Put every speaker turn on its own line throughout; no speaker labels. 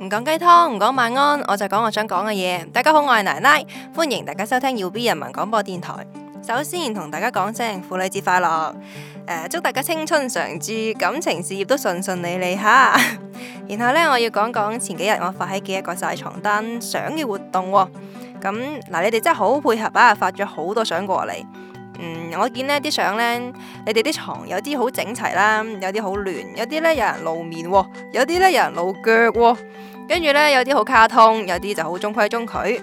唔講雞湯，唔講晚安，我就講我想講嘅嘢。大家好，我係奶奶，歡迎大家收聽 UB 人民廣播電台。首先同大家講聲婦女節快樂，呃，祝大家青春常駐，感情事業都順順利利哈。 然後呢，我要講講前幾日我發起嘅一個晒床單相嘅活動，咁，嗯，嗱，你哋真係好配合啊，發咗好多相過嚟。嗯，我見呢啲相呢，你哋啲床有啲好整齊啦，有啲好亂，有啲呢有人露面，有啲呢有人露腳，跟住呢，有啲好卡通，有啲就好中規中矩。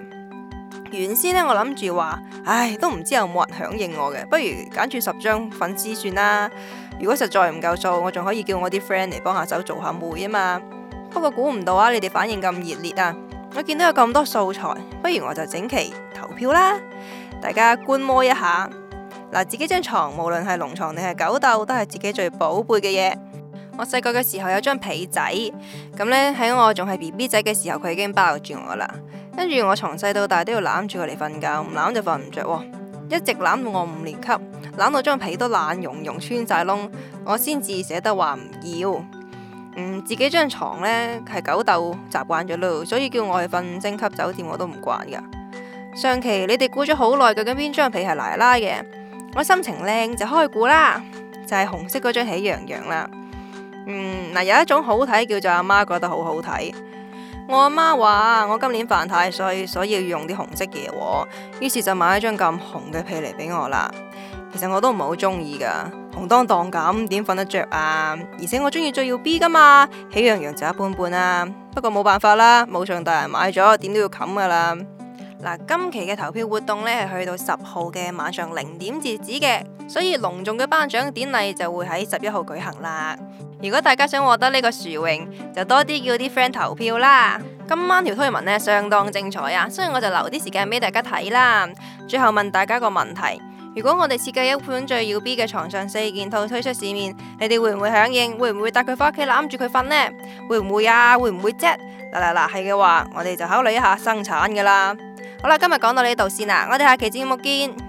原先呢，我諗住話，唉，都唔知有冇人響應我嘅，不如揀住十張粉絲算啦。如果實在唔夠數，我仲可以叫我啲 friend 嚟幫下手做下媒啊嘛。不過估唔到啊，你哋反應咁熱烈啊！我見到有咁多素材，不如我就整期投票啦，大家觀摩一下。嗱，自己張床無論係龍床定係狗竇，都係自己最寶貝嘅嘢。我細個嘅時候有張被仔咁呢，喺我仲係 B B 仔嘅時候，佢已經包住我啦。跟住我從細到大都要攬住佢嚟瞓覺，唔攬就瞓唔着。一直攬到我五年級，攬到張被都爛融融穿晒窿，我先至捨得話唔要。嗯，自己張床呢，係狗竇習慣咗咯，所以叫我去瞓星級酒店我都唔慣噶。上期你哋估咗好耐，究竟邊張被係奶奶嘅？我心情靚就開估啦，就係、是、紅色嗰張喜羊羊啦。嗯，嗱、呃、有一種好睇，叫做阿媽覺得好好睇，我阿媽話我今年犯太歲，所以要用啲紅色嘢，於是就買咗張咁紅嘅被嚟俾我啦。其實我都唔係好中意噶，紅當當咁點瞓得着啊？而且我中意最耀 B 噶嘛，喜羊羊就一般般啦、啊。不過冇辦法啦，冇上大人買咗點都要冚噶啦。嗱，今期嘅投票活動咧係去到十號嘅晚上零點截止嘅，所以隆重嘅頒獎典禮就會喺十一號舉行啦。如果大家想獲得呢個殊榮，就多啲叫啲 friend 投票啦。今晚條推文呢相當精彩啊，所以我就留啲時間俾大家睇啦。最後問大家個問題：如果我哋設計一款最耀 B 嘅床上四件套推出市面，你哋會唔會響應？會唔會帶佢翻屋企攬住佢瞓呢？會唔會啊？會唔會啫？嗱嗱嗱，係嘅話，我哋就考慮一下生產噶啦。好啦，今日講到呢度先啦，我哋下期節目見。